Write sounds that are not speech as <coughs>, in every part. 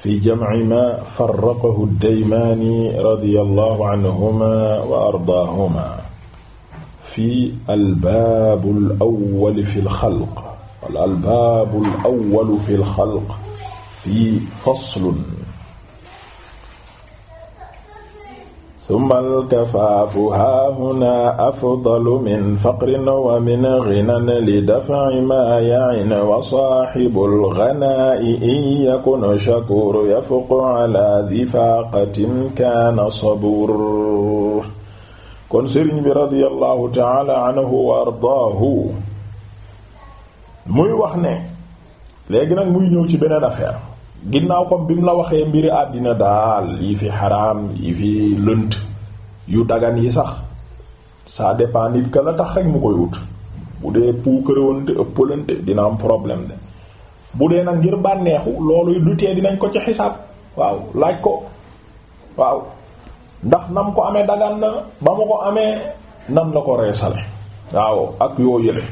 fi jamci ma farraqahu daymaani radiyallahu anhuma wa ardaahuma fi albaabul awwal fi lxalq wala albaabul awwal fi lxalq fi faslun summa alkafaafu haahuna afdalu min faqrin wa min ghinan li daf'i maa ya'in wa saaxibul ghanaa'i in yakun shakuur yafqu ala di faaqatin kaana sabuur kon sëriñ bi radiyallahu taala anhu wa ardaahu muy wax ne léegi nag muy ñëw ci beneen affaire ginnaaw comme bi mu la waxee mbiri àddina daal yi fi xaraam yi fi lënt yu dagan yi sax sa dépend nit ka la tax rek mu koy wut bu dee puukarewante ëppalante dina am problème de bu dee nag ngir bànneexu loolu du tee dinañ ko ci xisaab waaw laaj ko waaw ndax nam ko amee dagan na ba mu ko amee nan la ko reesale waaw ak yoo yële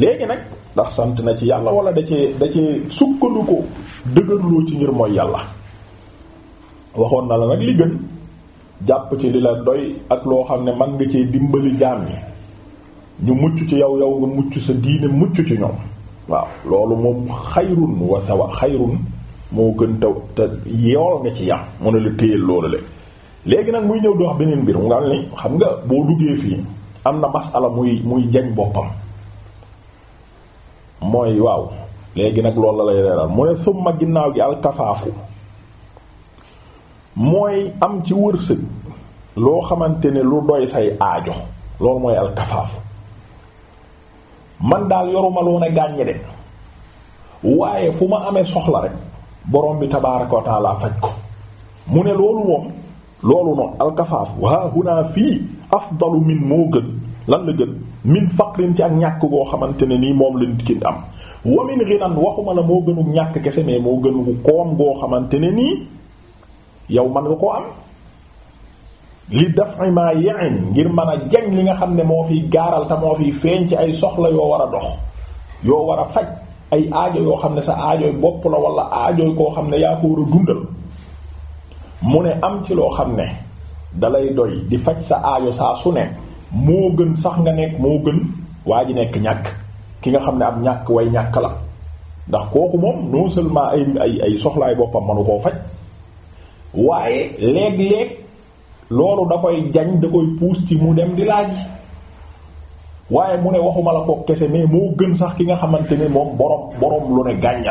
léegi nag ndax sant na ci yàlla wala da cee da cee sukkandu ko dëgërloo ci ngir mooy yàlla waxoon na la nag li gën jàpp ci li la doy ak loo xam ne man nga cee dimbali jaam ñi ñu mucc ci yow yow nga mucc sa diine mucc ci ñoom waaw loolu moom xayrun wa sawa xayrun moo gën taw te yool nga ci yam mu ne la téyel loolu le léegi nag muy ñëw di wax beneen mbir mu nga xam nga boo duggee fii am na masala muy muy jañ boppam mooy waaw léegi nag loolu la lay leeral mu ne summa ginnaaw gi alkafaafu mooy am ci wërsëg loo xamante ne lu doy say aajo loolu mooy alkafaafu man daal yoruma loon a gàññe de waaye fu ma amee soxla rek borom bi tabaaraka faj ko mu ne loolu moom loolu noonu alkafaafu waa huna fii afdalu min moo gën lan la gën min faqrin ci ak ñàkk goo xamante ne nii moom la nit ki am wa min waxuma la moo gënu ñàkk kese mais moo gënu koom goo xamante ne nii yow man nga ko am li daf'i ma ya'in ngir mën a jañ li nga xam ne moo fiy gaaral te moo fi feeñ ci ay soxla yoo war a dox yoo war a faj ay aajo yoo xam ne sa aajo bopp la walla aajo koo xam ne yaa ko war a dundal mu ne am ci loo xam ne dalay doy di faj sa aajo saa su ne moo gën sax nga nekk moo gën waa ji nekk ñàkk ki nga xam ne am ñàkk way ñàkk la ndax kooku moom non seulement ay ay ay soxlaay boppam manu koo faj waaye léeg-léeg loolu da koy jañ da koy puus ci mu dem di laaj waaye mu ne waxuma la ko kese mais moo gën sax ki nga xamante ni moom lu ne gàññ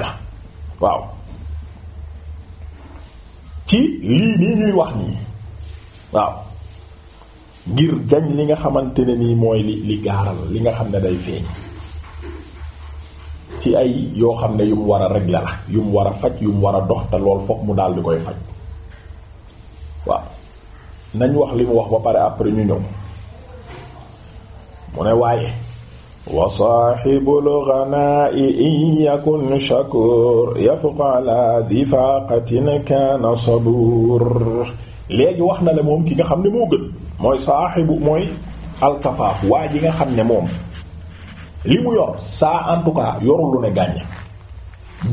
waaw ci lii nii ñuy wax ngir jañ li nga xamante ne mooy li li gaaral li nga xam ne day feeñ ci ay yoo xam ne yu mu war a régler la yu mu war a faj yu mu war a dox te lool fokk mu daal di koy faj waaw wax li mu wax ba pare après ñu ñëw ne waaye wa saaxibul ganaa'i in yakun shakuur yafqu ala difaaqatin kaana sabuur léegi wax na la moom ki nga xam ne moo gën mooy saaxibu mooy alkafaaf waa ji nga xam ne moom li mu yor saa en tout yorul lu ne gàññ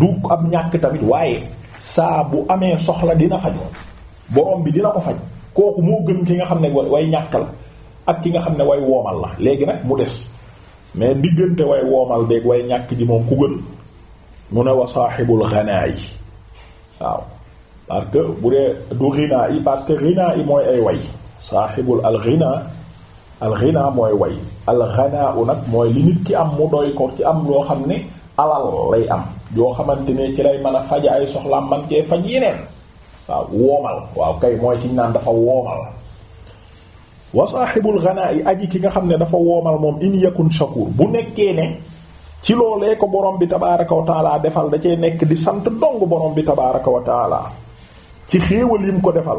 du ab ñàkk tamit waaye saa bu amee soxla dina fajoo borom bi dina ko faj kooku moo gën ki nga xam ne way ñàkkal ak ki nga xam ne way woomal la léegi nag mu des mais diggante way woomal beeg way ñàkk ji moom ku gën mu ne wa saaxibul xanaa yi waaw parce que bu dee du xinaa mooy ay way saaxibul al xinaa mooy way al xanaa u nag mooy li nit ki am mu doy ko ci am loo xam ne alal lay am yoo xamante ne ci lay mën a faj ay soxlaam man cee faj yeneen waaw woomal waaw kay mooy ci naan dafa woomal wa saaxibul xanaa yi aji ki nga xam ne dafa woomal moom in yakun shakur bu nekkee ne ci loolee ko borom bi tabaaraka wa taala defal da cee nekk di sant dong borom bi tabaaraka wa taala ci xéewal yi ko defal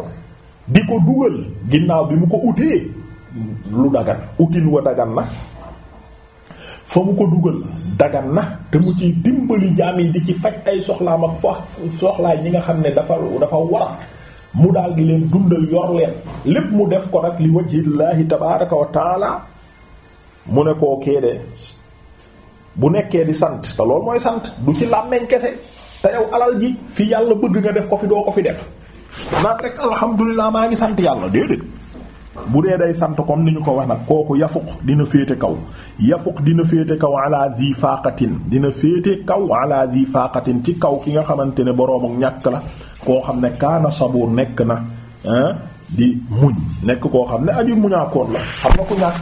di ko dugal ginnaaw bi mu ko utee lu dagan utin wa dagan na fa mu ko dugal dagan na te mu ciy dimbali jaam yi di ci faj ay soxlaam ak fa soxlaay ñi nga xam ne dafa dafa war mu daal di leen dundal yor leen lépp mu def ko nag li wajhillaahi tabaaraka wa taala mu ne koo kee de bu nekkee di sant te loolu mooy sant du ci làmmeñ kese te yow alal ji fi yàlla bëgg nga def ko fi doo ko fi def naan rek alhamdulilah maa ngi sant yàlla déedéet bu dee day sant comme ni ñu ko wax nag kooku yafuq dina féete kaw yafuq dina féete kaw ala di faaqatin dina féete kaw ala di faaqatin ci kaw ki nga xamante ne boroom ñàkk la koo xam ne kaana sabuur nekk na di muñ nekk koo xam ne aju muñaakoon la xam na ku ñàkk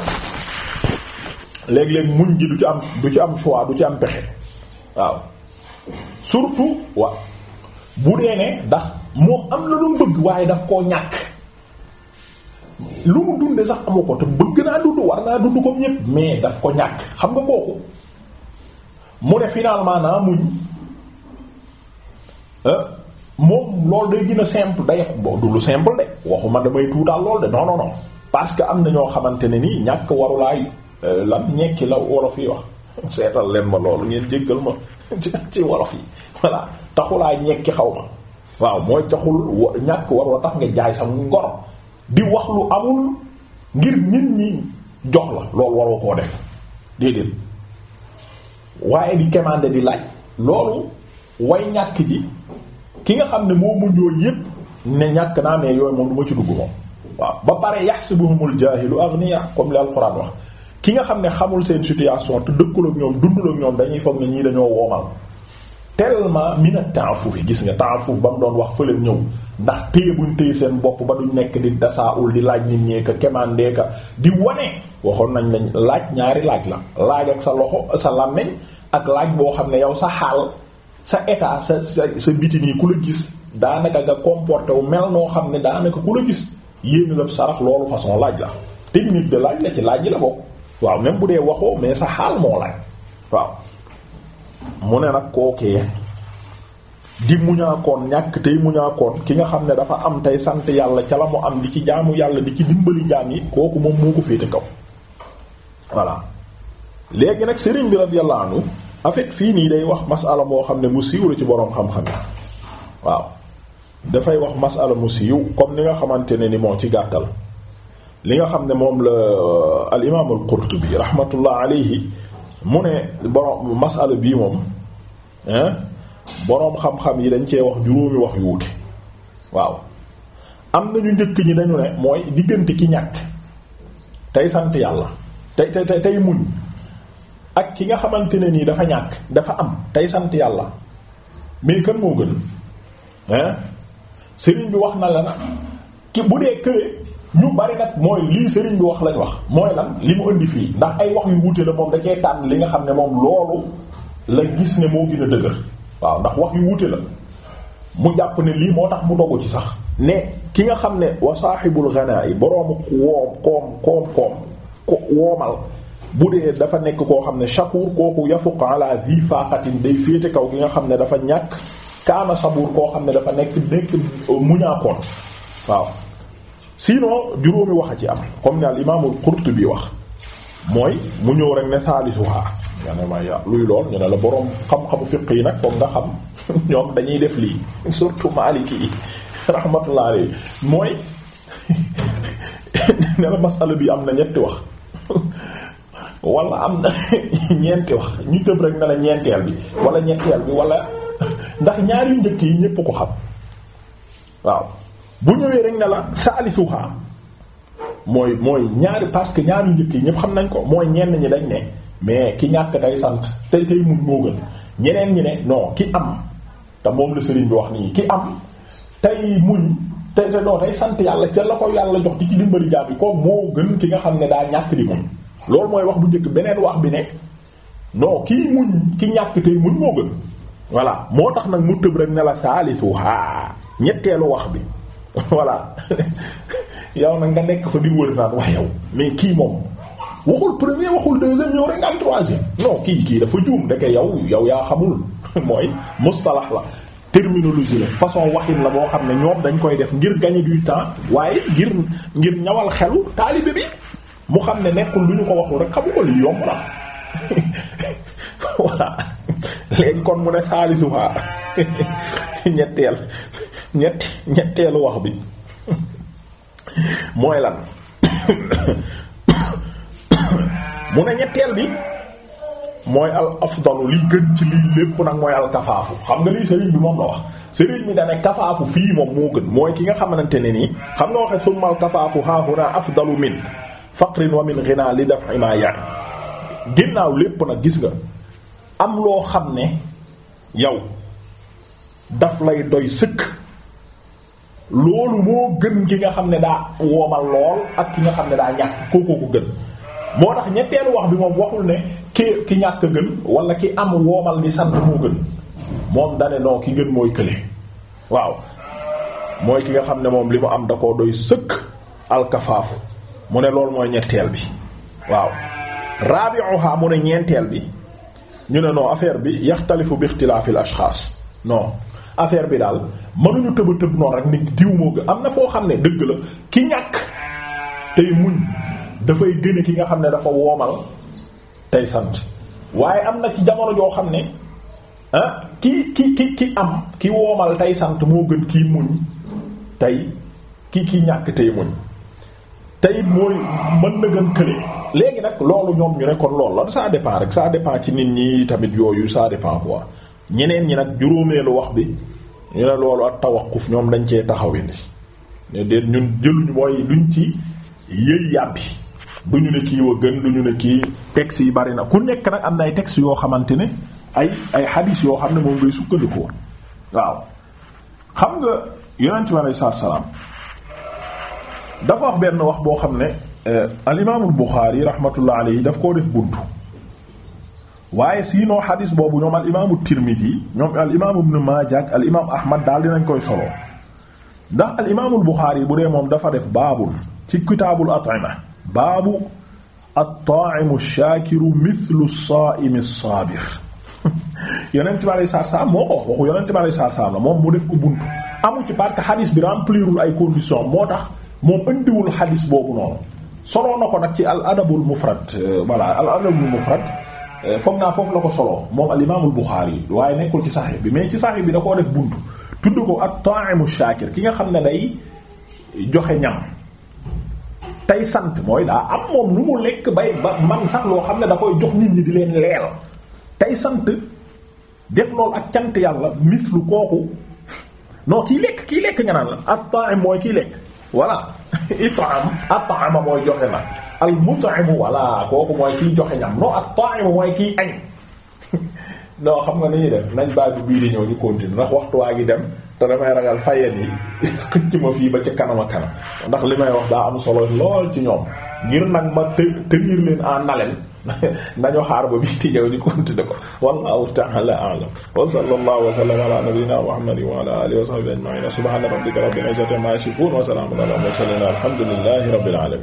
léeg-léeg muñ ji du ci am du ci am choix du ci am pexe waaw surtout waaw bu dee ne ndax moom am na lu mu waaye daf koo ñàkk lu mu dunde sax amu ko te bëgg naa dund war naa dund comme ñépp mais daf ko ñàkk xam nga kooku mu ne finalement naa muñ euh, moom loolu day gën a simple day bo du lu simple de waxuma damay tuutaal lool de non non non parce que am na ñoo xamante ne nii ñàkk warulaay euh, lan ñekki la wolof yi wax <laughs> seetal leen ma loolu ngeen jéggal ma <laughs> ci wolof yi voilà taxulaa ñekki xaw ma waaw mooy taxul ñàkk warula tax nga jaay sa ngor di wax lu amul ngir nit ñi jox la loolu waroo koo def déedéet waaye di kemaande di laaj loolu way ñàkk ji ki nga xam ne moo mujjoo yépp ne ñàkk naa mais yooyu moom du ma ci dugg moom waaw ba pare yahsibuhumul jaahilu aghniya comme li alxuraan wax ki nga xam ne xamul seen situation te dëkkul ak ñoom dundul ak ñoom dañuy foog ne ñii dañoo woomal tellement mi na taafuf yi gis nga ba mu doon wax fële ñëw ndax téye buñ téye seen bopp ba duñ nekk di dasaawul di laaj nit ñee ka kemandee ka di wane waxoon nañ lañ laaj ñaari laaj la laaj ak sa loxo sa làmmeñ ak laaj boo xam ne yow sa xaal sa état sa sa sa biti yi ku la gis daanaka nga comporté wu mel noo xam ne daanaka ku la gis yéen la sarax loolu façon laaj la technique de laaj la ci laaj yi la bokk waaw même bu dee waxoo mais sa xaal moo laaj waaw. mu ne nag kookee di muñaakoon ñàkk tey muñaakoon ki nga xam ne dafa am tey sant yàlla ca la mu am di ci jaamu yàlla di ci dimbali jaam yi kooku moom moo ko féete kaw voilà léegi nag sëriñ bi radiyallahu anhu en fait fii nii day wax masala moo xam ne mu siiw la ci boroom xam-xam waaw dafay wax masala mu siiw comme ni nga xamante ne ni moo ci gàttal li nga xam ne moom la euh, al imaam al Qurtubi rahmatullah alayhi mu ne borom masala bii moom boroom xam-xam yi dañ cee wax juróomi wax yu wuute waaw am na ñu njëkk ñi dañu ne mooy diggante ki ñàkk tey sant yàlla tey tey tey tey muñ ak ki nga xamante ne nii dafa ñàkk dafa am tey sant yàlla mais kan moo gën hein sëriñ bi wax na la na ki bu dee këre ñu bari nag mooy lii sëriñ bi wax lañ wax mooy lan li mu indi fii ndax ay wax yu wuute la moom da tànn li nga xam ne moom loolu la gis ne moo gën a waaw ndax wax yu wute la mu jàpp ne lii moo tax mu dogu ci sax ne ki nga xam ne wa saaxibul ganaa yi boroomu woom koom koom koom ko woomal bu dee dafa nekk koo xam ne shakur kooku yafuq ala vi faaxatin day féete kaw gi nga xam ne dafa ñàkk kaana sabuur koo xam ne dafa nekk nekk muñaakoon waaw sinon juróomi wax a ci am comme ni al imaamul Qurtubi wax mooy mu ñëw rek ne saalisuha nga ne ma ya luy lool ñu ne la boroom xam-xamu fiq yi nag foog nga xam <laughs> ñoom dañuy def lii <laughs> surtout Maliki yi <laughs> rahmatullah alayhi mooy ne la masala bi am na ñetti wax wala am na ñeenti wax ñu tëb rek ne la ñeenteel bi wala ñetteel bi wala ndax ñaari njëkk yi ñépp ko xam waaw bu ñëwee rek ne la saalisuha mooy mooy ñaari parce que ñaari njëkk yi ñëpp xam nañ ko mooy ñenn ñi dañ ne mais ki ñàkk day sant tey tey mun moo gën ñeneen ñi ne non ki am te moom la sëriñ bi wax nii ki am tey muñ te te doo tey sant yàlla ca la ko yàlla jox di ci dimbali jaam yi ko moo gën ki nga xam ne daa ñàkk di muñ loolu mooy wax bu njëkk beneen wax bi ne non kii muñ ki ñàkk tey muñ moo gën voilà moo tax nag mu tëb rek ne la saalisuha ñetteelu wax bi <laughs> voilà yow na nga nekk fa di wër naan waa yow mais kii moom waxul premier waxul deuxième ñëw rek nga am troisième non kii kii dafa juum deke yow yow yaa xamul <laughs> mooy mustalax la terminologie la façon waxin la boo xam ne ñoom dañ koy def ngir gagner du temps waaye ngir ngir ñawal xelu taalibe bi mu xam ne nekkul lu ñu ko waxul rek xamu ko li yomb la <laughs> voilà léegi kon mu ne saalisu waa ñetteel ñetti ñetteelu wax bi mooy lan <coughs> mu ne ñetteel bi mooy al afdalu li gën ci lii lépp nag mooy al kafaafu xam nga lii sëriñ bi moom la wax sëriñ bi da kafaafu fii moom moo gën mooy ki nga xamante ne nii xam nga waxe summa al kafaafu hahuna afdalu min faqrin wa min li daf'i ma ya ginnaaw lépp nag gis nga am loo xam ne yow daf lay doy sëkk loolu moo gën ki nga xam ne daa woomal lool ak ki nga xam ne daa ñàkk kooku ko gën moo tax ñetteelu wax bi moom waxul ne ki ki ñàkk gën wala ki am woomal di sant moo gën moom dane non ki gën mooy kële waaw mooy ki nga xam ne moom li mu am da koo doy sëkk alkafaafu mu ne loolu mooy ñetteel bi waaw rabi'uha mu ne ñeenteel bi ñu ne non affaire bi yaxtalifu bi ixtilaafil ashxaas non affaire bi daal mënuñu tëb a tëb noonu rek ni diw moo gën am na foo xam ne dëgg la ki ñàkk tey muñ dafay gën ki nga xam ne dafa woomal tey sant waaye am na ci jamono joo xam ne ah ki ki ki ki am ki woomal tey sant moo gën kii muñ tey ki ki ñàkk tey muñ tey mooy mën na gën kële léegi nag loolu ñoom ñu ne kon loolu la ça dépend rek ça dépend ci nit ñi tamit yooyu ça dépend quoi ñeneen ñi nag juróomeelu wax bi ñu ne loolu ak tawaquf ñoom dañ cee taxawindi ne déet ñun jëluñu mooy luñ ci yëy yàbbi bu ñu ne kii wa gën du ñu ne kii textes yi bari na ku nekk nag am na ay textes yoo xamante ne ay ay xadiis yoo xam ne moom ngay sukkandikoo waaw xam nga yonent bi alei salaatu salaam dafa wax benn wax boo xam ne eh, al imaamul Buxaari rahmatullah alayhi daf koo def buntu waaye siinoo xadis boobu ñoom al imaamu Tirmidhi ñoom al imaamu Ibnu Maaja ak al imaamu Ahmad daal dinañ koy solo ndax al imaamul Buxaari bu dee moom dafa def baabul ci kitaabul at'ima baabu at-taa'imu shaakiru mithlu as-saa'imi as-saabir <laughs> yonent bi alayhi salaam moo ko wax waxu yonent bi alayhi salaam la moom mu def ko buntu amu ci parce que xadis bi remplirul ay conditions moo tax moom indiwul xadis boobu noonu soloo na ko nag ci al adabul mufrad euh, voilà al adabul mufrad Eh, foog naa foofu la ko soloo moom al imaamul Buxaari waaye nekkul ci saxix bi mais ci saxix bi da koo def buntu tudd ko ak ta'imu shaakir ki nga xam ne day joxe ñam tey sant mooy daa am moom lu mu lekk bay ba man sax loo xam ne da koy jox nit ñi di leen leel tey sant def loolu ak cant yàlla mislu kooku non kii lekk kii lekk nga naan la at-ta'im mooy kii lekk voilà <laughs> itam at'ama mooy joxe na al mut'imu walla kooku mooy kiy joxe ñam non ak ta'imu mooy kiy añ <laughs> non xam nga ni ñuy def nañ bàyyi bii di gi dem te damay ragal fayeen yi <laughs> xëcc ma fii ba ci kanam a kanam ndax li may wax daa am solo lool ci ñoom ngir nag ma të tenir leen en haleine <laughs> nañu xaar ba bii di ñëw di continuer ko wallahu ta'ala a'lam wa sallallahu wa sallama ala nabiyyina muhammadin wa ala alihi wa sahbihi ajma'in wa salamun ala al mursalin